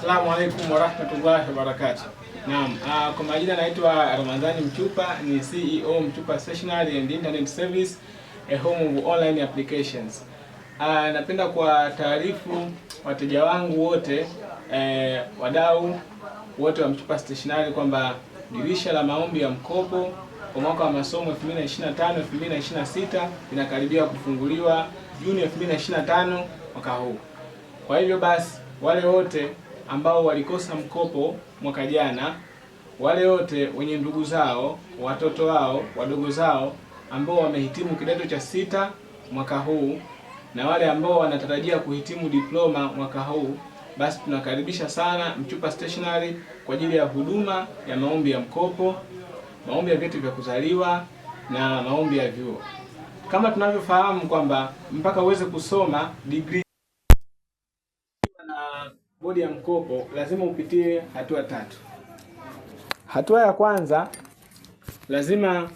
Asalamu alaikum warahmatullahi wabarakatu. Naam, ah, kwa majina naitwa Ramadhani Mchupa, ni CEO Mchupa Stationery and Internet Service, a home of online applications. Aa, ah, napenda taarifu wateja wangu wote eh, wadau wote wa Mchupa Stationery kwamba dirisha la maombi ya mkopo kwa mwaka wa masomo 2025 2026 linakaribia kufunguliwa Juni 2025 mwaka huu. Kwa hivyo basi wale wote ambao walikosa mkopo mwaka jana, wale wote wenye ndugu zao, watoto wao, wadogo zao ambao wamehitimu kidato cha sita mwaka huu na wale ambao wanatarajia kuhitimu diploma mwaka huu, basi tunakaribisha sana Mchupa Stationery kwa ajili ya huduma ya maombi ya mkopo, maombi ya vyeti vya kuzaliwa na maombi ya vyuo. Kama tunavyofahamu kwamba mpaka uweze kusoma degree bodi ya mkopo lazima upitie hatua tatu. Hatua ya kwanza, lazima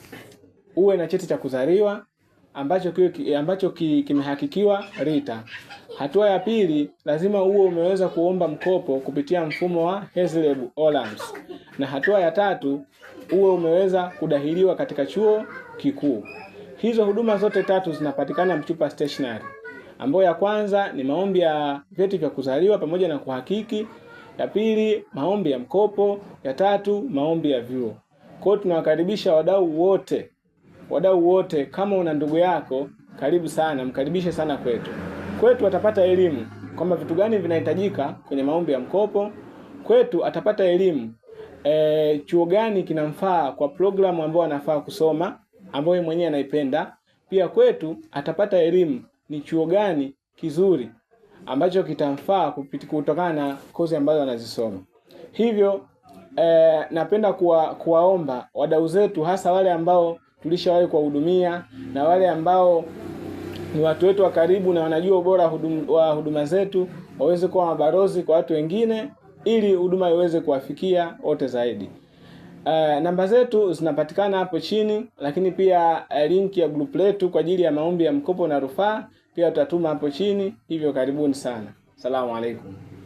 uwe na cheti cha kuzaliwa ambacho kiwe, ambacho kimehakikiwa RITA. Hatua ya pili, lazima uwe umeweza kuomba mkopo kupitia mfumo wa HESLB ORAMS, na hatua ya tatu, uwe umeweza kudahiliwa katika chuo kikuu. Hizo huduma zote tatu zinapatikana Mchupa Stationery ambayo ya kwanza ni maombi ya vyeti vya kuzaliwa pamoja na kuhakiki, ya pili maombi ya mkopo, ya tatu maombi ya vyuo. Kwa hiyo tunawakaribisha wadau wote, wadau wote. Kama una ndugu yako, karibu sana, mkaribishe sana kwetu. Kwetu atapata elimu kwamba vitu gani vinahitajika kwenye maombi ya mkopo. Kwetu atapata elimu e, chuo gani kinamfaa kwa programu ambayo anafaa kusoma ambayo mwenyewe anaipenda. Pia kwetu atapata elimu ni chuo gani kizuri ambacho kitamfaa kutokana na kozi ambazo anazisoma. Hivyo eh, napenda kuwa, kuwaomba wadau zetu hasa wale ambao tulishawahi kuwahudumia na wale ambao ni watu wetu wa karibu na wanajua ubora hudum, wa huduma zetu waweze kuwa mabalozi kwa watu wengine ili huduma iweze kuwafikia wote zaidi. Uh, namba zetu zinapatikana hapo chini, lakini pia uh, eh, linki ya group letu kwa ajili ya maombi ya mkopo na rufaa pia tutatuma hapo chini. Hivyo karibuni sana, salamu alaikum.